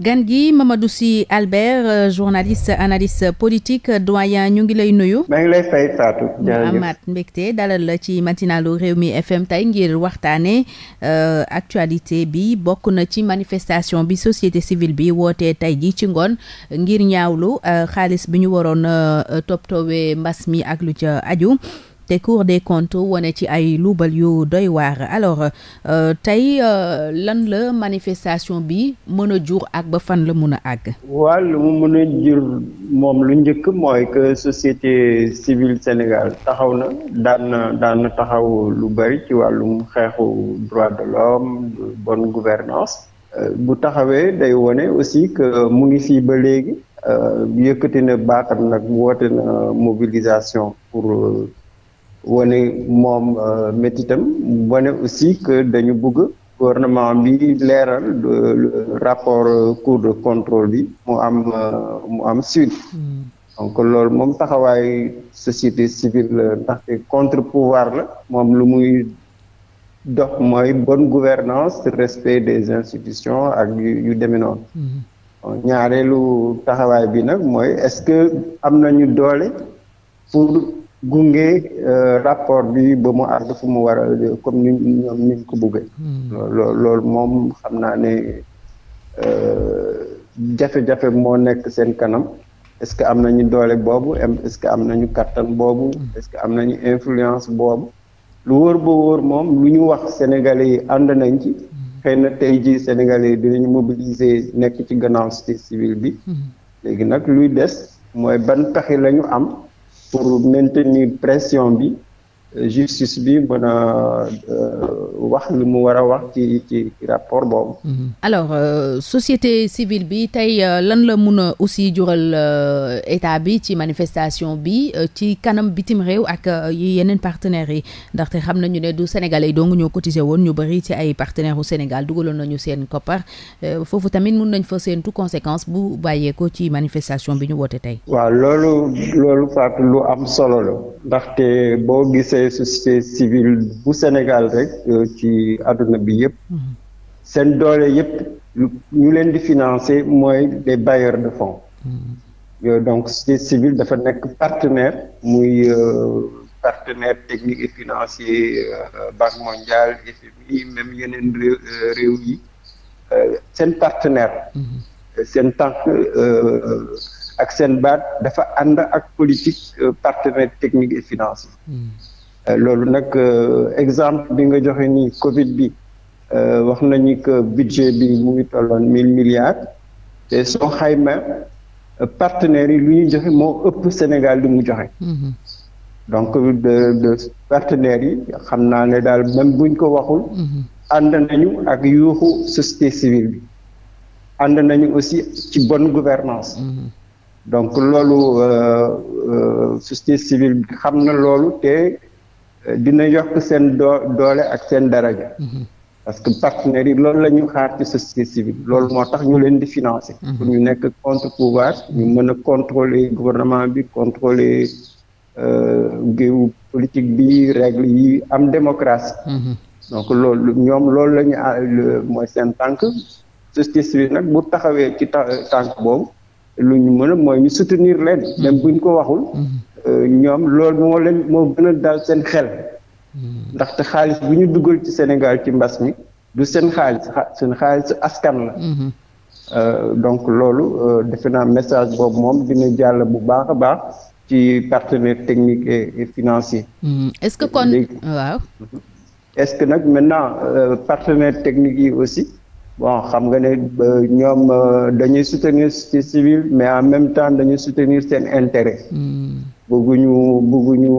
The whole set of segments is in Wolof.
gan gi Mamadou Sy Albert euh, journaliste analyste politique doyen ñu ngi lay nuyu. maa ngi lay dalal la ci matinalu réew mi FM tey ngir waxtaane euh, actualité bi bokk na ci manifestation bi société civile bi woote tey ji ci ngoon ngir ñaawlu euh, xaalis bi ñu waroon toppatoowee mbas mi ak lu ca aju. te cour des comptes wane ci ay luubal yu doy waar alors euh, tey euh, lan la manifestation bi mën a jur ak ba fan la mun a àgg. waaw lu mu mën jur moom lu njëkk mooy que société civile Sénégal taxaw na daan na taxaw lu bari ci wàllum xeexu droit de l'homme bonne gouvernance euh, bu taxawee day wone aussi que mu ngi fii ba léegi yëkkati na baaxam nag woote na mobilisation pour. wane moom euh, métitam wone aussi que dañu bëgg gouvernement bi leeral euh, rapport euh, cour de contrôle bi mu am mu am suite hmm. donc loolu moom taxawaay société civile la ndaxte contre pouvoir la moom lu muy dox mooy bonne gouvernance respect des institutions ak yu demee noonu hmm. ñaareelu taxawaay bi nag mooy est-ce que am nañu doole pour gunge euh, rapport bi ba mu àgg fu mu war a comme ni ñoom ko bëggee. Hmm. loolu moom xam naa ne euh, jafe-jafe moo nekk seen kanam est-ce que am ñu doole boobu est-ce que am nañu kattan boobu. Hmm. est-ce que am nañu influence boobu. lu wóor ba wóor moom lu ñu wax sénégalais yi ànd nañ ci. Hmm. xëy na tey jii sénégalais yi dinañu mobiliser nekk ci gannaaw société civile bi. léegi nag luy des mooy ban pexe la am. pour maintenir pression bi justice bi mën a euh, wax lu mu war a wax ci ci rapport boobu. Mhm. alors euh, société civile bi tey euh, lan la mun a aussi jural euh, état bi ci manifestation bi ci kanam bitim réew ak yeneen partenaires yi ndaxte xam ñu ne du Sénégalais yi dong ñoo cotisé woon ñu bëri ci ay partenaires Sénégal dugaloon nañu seen koppar foofu tamit mun nañ fa seen tout conséquence bu bàyyeekoo ci manifestation bi ñu woote tey. waaw loolu loolu Fatou lu am solo ndaxte boo gisee. jàppale société bu Sénégal rek euh, ci àdduna bi yëpp mm-hmm. seen doole yëpp ñu leen di financer mooy les bailleurs de fonds mm-hmm. euh, donc société civile dafa nekk partenaire muy euh, partenaire technique et financier Banque mondiale FMI même yeneen réew yi seen partenaire mm-hmm. seen tànk ak seen baat dafa ànd ak politique partenaire technique et financier Euh, loolu nag euh, exemple bi nga joxe nii Covid bi euh, wax nañu que budget bi mu ngi tolloon mille milliards te soo xayma partenaires yi lu ñuy joxe moo ëpp Sénégal di mu joxe. Mhm. donc de de partenaires yi xam naa ne daal même buñ ko waxul. Mhm. ànd nañu ak yuuxu société civile bi. ànd nañu aussi ci bonne gouvernance mhm. donc loolu société civile bi xam na loolu te. dina yokk seen doo doole ak seen daraja. Mhm. parce que partenaires yi loolu la ñu xaar ci société civile loolu moo tax ñu leen di financer. Mhm. pour ñu nekk contre pouvoir ñu mën a contrôler gouvernement bi contrôler euh, géewu politique bi règle yi am démocratie. Mhm. donc loolu ñoom loolu lañu ñu ah, mooy seen tànk société civile nag bu taxawee ci ta tànk boobu lu ñu mën a mooy ñu soutenir leen. même buñ ko waxul. ñoom loolu moo leen moo gën a daal seen xel ndaxte xaalis bu ñu dugal ci Sénégal ci mbas mi du seen xaalis seen xaalis askan la mm-hmm. euh, donc loolu euh, defe naa message boobu moom dina jàll bu baax a baax ci partenaires technique et financiers mm-hmm. est-ce que kon mm-hmm. est-ce que nag maintenant euh, partenaires techniques yi aussi bon xam nga ne ñoom dañuy soutenir si civile mais en même temps dañuy soutenir seen intérêt bëgguñu bëgguñu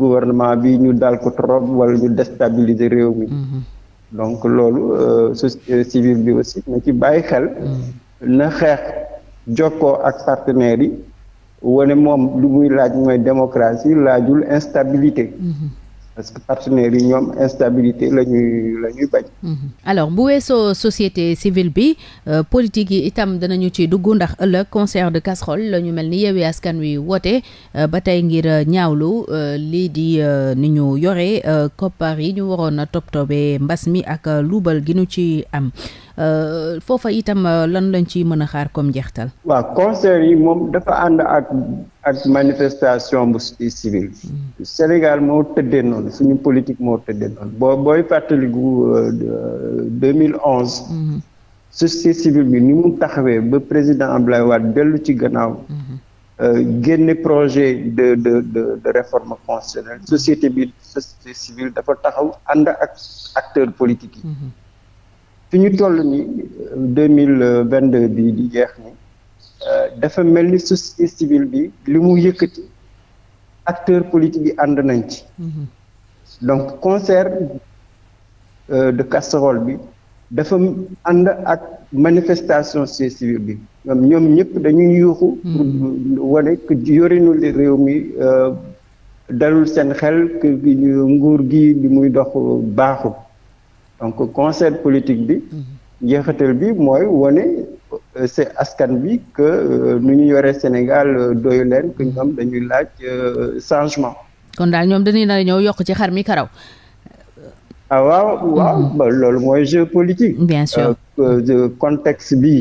gouvernement bi ñu dal ko trop wala ñu déstabiliser réew mi. Mm-hmm. donc loolu euh, société civile bi aussi na ci bàyyi xel. Mm-hmm. na xeex jokkoo ak partenaires yi wane moom lu muy laaj mooy démocratie laajul instabilité. Mm-hmm. parce que partenaires yi ñoom instabilité la bañ. Mhm. alors bu weesoo société civile bi euh, politique yi itam danañu ci dugg ndax ëllëg concert de casserole la ñu mel ni Yewwi Askan Wi woote euh, ba tey ngir euh, ñaawlu lii di ni ñu yore koppar yi ñu waroon a topp toobee mbas mi ak luubal gi nu ci am. Euh, foofa itam euh, lan lañ ci mën a xaar comme njeextal. waaw concert yi moom dafa ànd ak ak manifestation bu civile. Hmm. Sénégal moo tëddee noonu suñu politique moo tëddee noonu boo booy fàttaliku 2011. Euh, hmm. société civile bi ni mu taxawee ba président Abdoulaye Wade dellu ci gannaaw. Hmm. génne projet de de de de réforme constitutionnelle société bi société civile dafa taxaw ànd ak acteur politiques yi. fi ñu toll ni deux mille vingt deux bi di jeex ni euh, dafa mel ni société civile bi li mu yëkkati acteur politique bi ànd nañ ci mm-hmm. donc concert euh, de casserole bi dafa ànd ak manifestation société bi ñoom ñoom ñëpp dañuy yuuxu pour mm-hmm. wane que yorinu réew mi euh, dalul seen xel que nguur gi li muy dox baaxul donc concert politique bi njeexital bi mooy wane euh, c'est askan bi que euh, nu ñu yore Sénégal euh, doyu leen que ñoom dañuy laaj changement. kon daal ñoom dañuy nar ñëw yokk ci xar mi karaw. Ah, waaw waaw mm-hmm. loolu mooy jeu politique. bien sûr contexte bi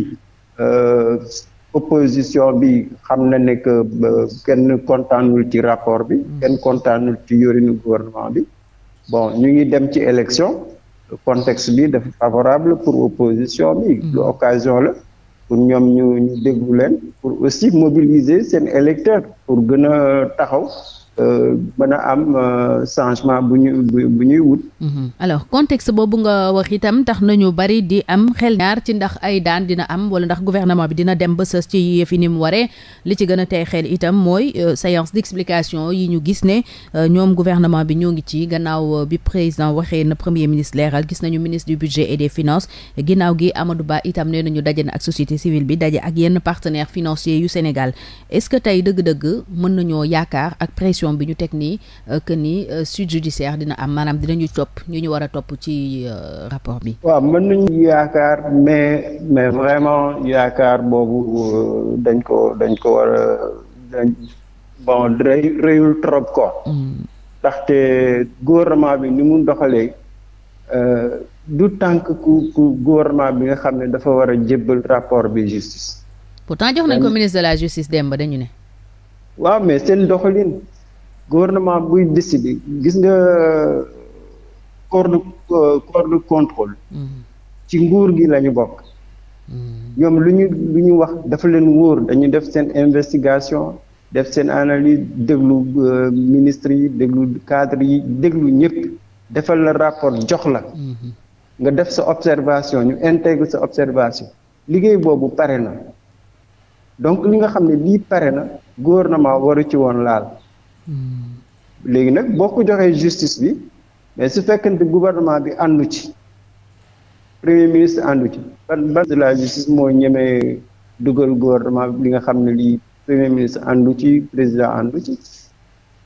opposition bi xam na ne que kenn kontaanul ci rapport bi. Mm. kenn kontaanul ci yorinu gouvernement bi bon ñu ngi dem ci élection. contexte bi def favorable pour opposition bi lu mm. occasion la pour ñoom ñu ñu déglu leen pour aussi mobiliser seen électeur pour gën a taxaw Euh, mën a am euh, changement bu ñu bu ñuy wut. Mhm. alors contexte boobu nga wax itam tax nañu bari di am xel ñaar ci ndax ay daan dina am wala ndax gouvernement bi dina dem ba sës ci yëfi ni mu waree li ci gën a tey xel itam mooy euh, séance d'explication yi ñu gis ne ñoom gouvernement bi ñoo ngi ci gannaaw bi président waxee na premier ministre gis nañu ministre du budget et des finances ginnaaw gi Amadou Ba itam nee nañu daje na ak société civile bi daje ak yenn partenaire financiers yu Sénégal est-ce que tey dëgg-dëgg mën nañoo yaakaar ak pression. injonction bi ñu teg nii euh, que ni euh, suite judiciaire dina am maanaam dinañu topp ñu ñu war a topp ci euh, rapport bi. waaw mën nañu yaakaar mais mais vraiment yaakaar boobu dañ ko dañ ko war a dañ bon réyul trop ko. Mm. ndaxte gouvernement bi ni mu doxalee du tànk ku ku gouvernement bi nga xam ne dafa war a jébbal rapport bi justice. pourtant jox nañ ko ministre de la justice démb dañu ne. waaw mais seen doxalin gouvernement buy décider gis nga euh, corps de euh, corps mm-hmm. ci nguur gi la bokk. Mm-hmm. ñoom lu ñu lu ñu wax dafa leen wóor dañu def seen investigation def seen analyse déglu euh, ministre yi déglu cadre yi déglu ñëpp defal la rapport jox la. Mm-hmm. nga def sa observation ñu integre sa observation liggéey boobu pare na donc li nga xam ne lii pare na gouvernement waru ci woon laal. Hmm. léegi nag boo ko joxee justice bi mais su fekkante gouvernement bi àndu ci premier ministre àndu ci ban ban de la justice moo ñemee dugal gouvernement bi li nga xam ne lii premier ministre àndu ci président àndu ci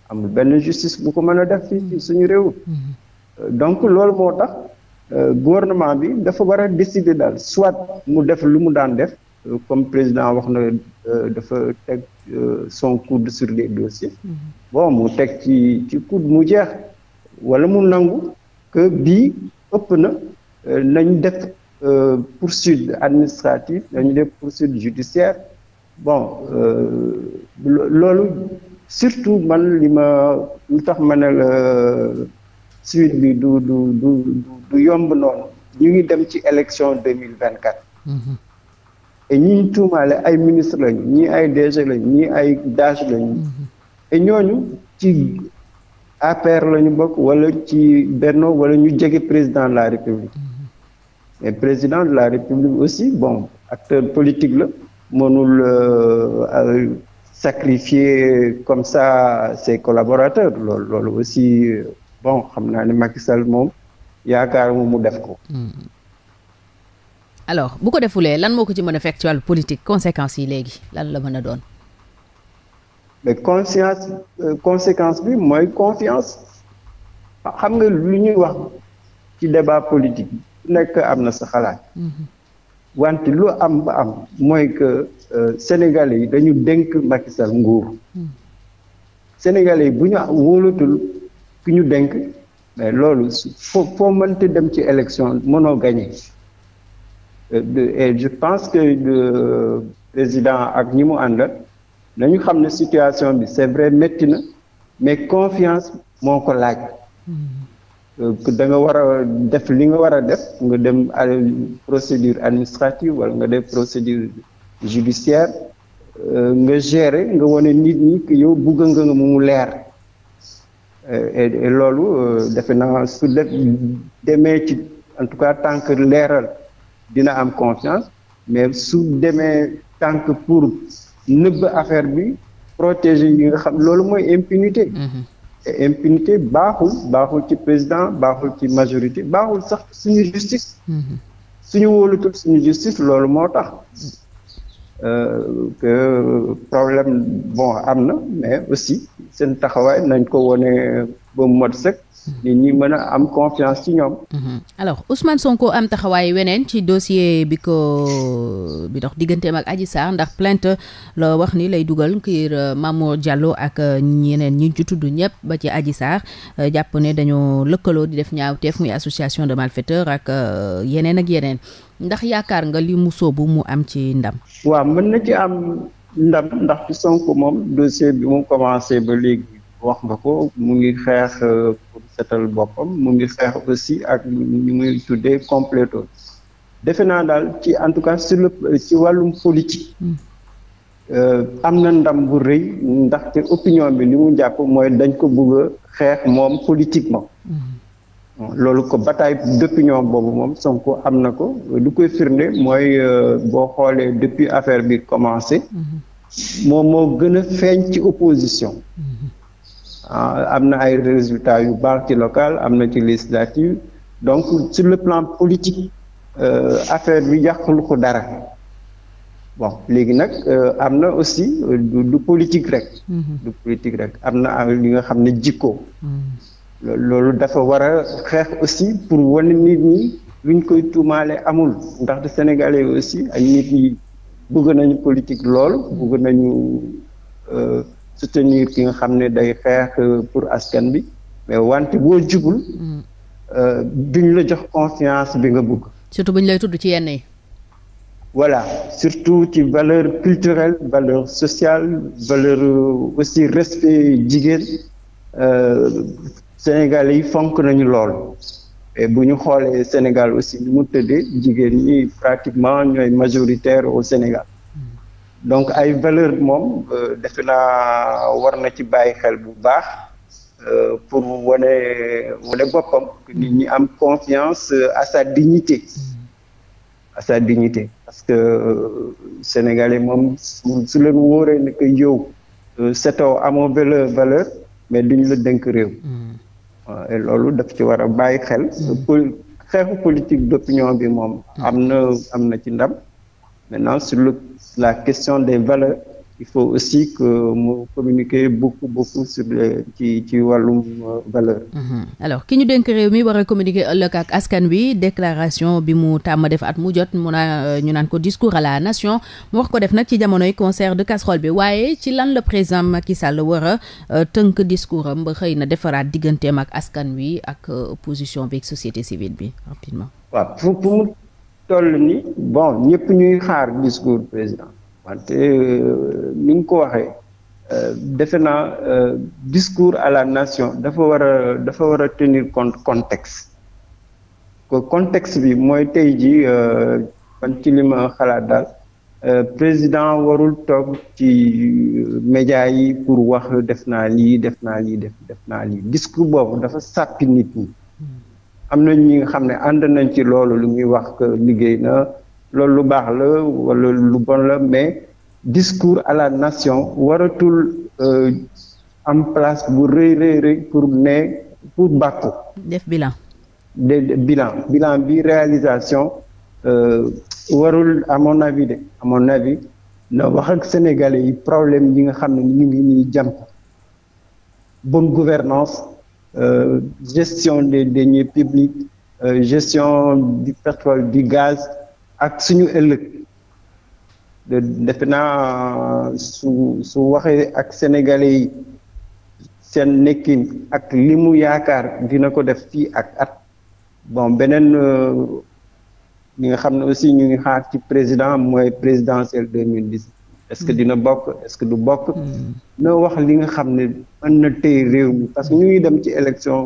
amul benn justice bu ko mën a def fii hmm. suñu réew. Hmm. Euh, donc loolu moo tax euh, gouvernement bi dafa war a décider daal soit mu def lu mu daan def. comme président wax na euh, dafa teg euh, son coude sur les dossiers mm-hmm. bon mu teg ci ci coude mu jeex wala mu nangu kë bii ëpp na euh, nañ def poursuite administrative nañ def poursuite judiciaire bon loolu surtout man li ma lu tax ma ne la suite bi du du du du yomb noonu ñu ngi dem ci élection deux mille vingt et tuumaale ay ministre lañu ñii ay DG lañu ñii ay DAGE lañu et ñooñu ci APR lañu bokk wala ci Benno wala ñu jege président de la République président de la République aussi bon acteur politique la mënul euh, euh, sacrifier comme ça ses collaborateur loolu loolu aussi euh, bon xam naa ne Macky Sall moom yaakaar mu mu def ko mm-hmm. alors bu ko defulee lan moo ko ci mën a fekk ci wàllu politique yi léegi lan la mën a doon. mais conscience euh, conséquence bi mooy confiance xam nga lu ñuy wax ci débat politique bi nekk am na sa xalaat. Mhm. wante lu am ba am mooy que euh, sénégalais yi dañu dénk Macky nguur. Mhm. sénégalais yi bu ñu wóolatul ki ñu dénk mais loolu foo foo dem ci élection mënoo gagné. Euh, et je pense que euh, président ak ñi mu àndal nañu xam ne situation bi c'est vrai métti na mais confiance moo ko laaj hmm. euh, da nga war a def li nga war a def nga dem procédure administrative wala nga def procédure judiciaire nga gérer nga wane nit ñi que yow bugg nga nga mu leer et loolu defe naa su def demee ci en tout cas tant que leeral dina am confiance mais su demee tànk pour nëbb affaire bi protéger yi nga xam loolu mooy impunité mhm. et impunité baaxul baaxul ci président baaxul ci majorité baaxul sax suñu justice mhm. suñu wóolutul suñu justice loolu moo tax que euh, euh, problème bon am na mais aussi seen taxawaay nañ ko wone ba mu mot sëkk nit ñi mën a am confiance ci ñoom. Mhm. alors Ousmane Sonko am taxawaay weneen ci dossier bi ko bi dox digganteem ak Adji Sarr ndax plainte la wax ni lay dugal ngir euh, Mamour Diallo ak ñeneen ñi ñu tudd ñëpp ba ci aji Sarr jàpp ne dañoo lëkkaloo di def ñaaw ñaawteef muy association de malfaiteurs ak yeneen ak yeneen. ndax yaakaar nga li mu bu mu am ci ndam. waaw mën na ci am ndam ndax Sonko moom dossier bi mu commencé ba léegi wax nga ko mu ngi xeex euh, pour setal boppam mu ngi xeex aussi ak ñu muy tuddee compléto defe naa daal ci en tout cas sur lëpp ci wàllum politique. Hmm. Euh, am na ndam bu rëy ndaxte opinion bi li mu jàpp mooy dañ ko bëgg a xeex moom politiquement. Hmm. loolu ko bataille d'opinion boobu moom sonk am na ko lu koy firnde mooy euh, boo xoolee depuis affaire bi commencé mhm. moom moo gën a feeñ ci opposition mhm. ah, am na ay résultats yu baax ci local am na ci législative donc sur le plan politique euh, affaire bi yàqul ko dara bon léegi nag euh, am na aussi du politique rek mhm. du am na li nga xam ne jikko loolu dafa war a xeex aussi pour wane nit ñi luñ koy tuumaale amul ndax de sénégalais aussi ay nit yi bugg nañu politique lool bëgg nañu euh, soutenir ki nga xam ne day xeex euh, pour askan bi mais wante boo jubul mm. euh, duñ la jox confiance bi nga bugg surtout buñ lay tudd ci yenn yi. voilà surtout ci valeur culturelle valeur sociale valeur aussi respect jigéen. Sénégal yi fonk nañu lool bu ñu xoolee Sénégal aussi ni mu tëddee jigéen ñi pratiquement ñooy majoritaire au Sénégal donc ay valeur moom euh, defe naa war na ci bàyyi xel bu baax euh, pour wane wane boppam nit ñi am confiance euh, à sa dignité à sa dignité parce que Sénégalais moom su leen wóoree ne que yow setoo amoo valeur valeur mais duñu la dënk réew mm. Euh, loolu daf ci war a bàyyi xel. Mm. xeexu politique d'opinion bi moom. Mm. am na am na ci ndam. maintenant sur la question des valeurs. il faut aussi que mu communiquer beaucoup beaucoup sur les ci ci wàllum euh, valeur. Mhm. alors ki ñu denk réew mi war a communiquer ëllëg ak askan wi déclaration bi mu tàmm def at mu jot mu naa euh, ñu naan ko discours à la nation mu wax ko def nag ci jamonoy concert de casserole bi waaye ci lan la président Macky Sall war a euh, tënk discours am ba xëy na defaraat digganteem ak askan wi ak opposition bi ak société civile bi rapidement. waaw pour pour mu toll ni bon ñëpp ñuy xaar discours wante euh, ni nga ko waxee euh, defe naa euh, discours à la nation dafa war a dafa war a tenir compte contexte que contexte bi mooy tey jii man ci li ma xalaat daal président warul toog ci média yi pour wax def naa lii def naa lii def def naa lii discours boobu dafa sàppi nit ñi hmm. am na ñi nga xam ne ànd nañ ci loolu lu muy wax liggéey na loolu lu baax la wala lu bon la mais discours à la nation waratul euh, am place bu rëy rëy pour ne pour bàkku def bilan de bilan bilan bi réalisation euh, warul à mon avis de à mon avis na wax ak sénégalais yi problème yi nga xam ne ñu ngi ñuy jàmp bonne gouvernance euh, gestion des deniers publics euh, gestion du pétrole du gaz ak suñu ëllëg defe naa su su waxee ak sénégalais yi seen nekkin ak li mu yaakaar dina ko def fii ak at bon beneen euh, ñi nga xam ne aussi ñu ngi xaar ci président mooy présidentielle deux mille dix est-ce que mm. dina bokk est-ce que du bokk mm. na wax li nga xam ne mën na tey réew mi parce que ñu ngi dem ci élection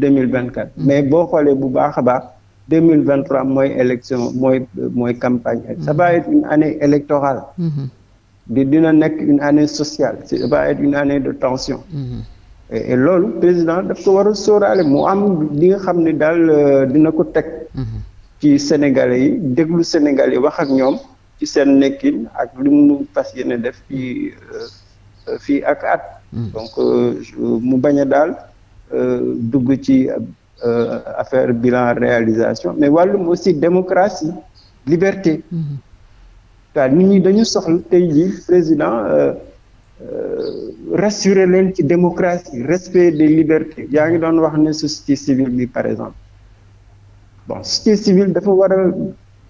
deux mille vingt quatre mm. mais boo xoolee bu baax a baax deux mille vingt mooy élection mooy mooy campagne ça va être une année électorale mm-hmm. dina nekk une année sociale ça va être une année de tension mm-hmm. loolu président daf ko war a sóoraale mu am li nga xam ne daal euh, dina ko teg mm-hmm. ci sénégalais yi déglu sénégalais yi wax ak ñoom ci seen nekkin ak li mu fas yéene def fii euh, fii ak at donc euh, mu bañ a daal dugg ci affaire euh, bilan réalisation mais wàllum aussi démocratie liberté waaw nit ñi dañu soxla tey jii président euh, euh, rassurer leen ci démocratie respect des libertés yaa ngi doon wax ne société civile bi par exemple bon société civile dafa war a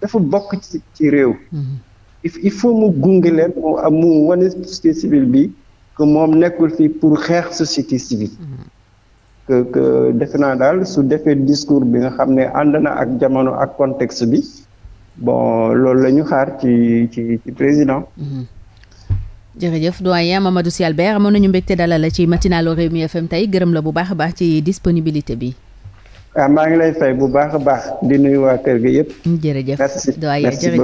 dafa bokk ci ci réew mm-hmm. il faut mu gunge leen mu wane société civile bi que moom nekkul fii pour xeex société civile mm-hmm. que que naa daal su defee discours bi nga xam ne ànd na ak jamono ak contexte bi bon loolu la ñu xaar ci ci ci président. Mhm. jërëjëf doyen Mamadou Sy Albert amoon nañu mbégte dalal la ci matinalu Rewmi FM tey gërëm la bu baax a baax ci disponibilité bi. ah maa ngi lay fay bu baax a baax di nuyu waa kër gi yëpp. jërëjëf doyen jërëjëf.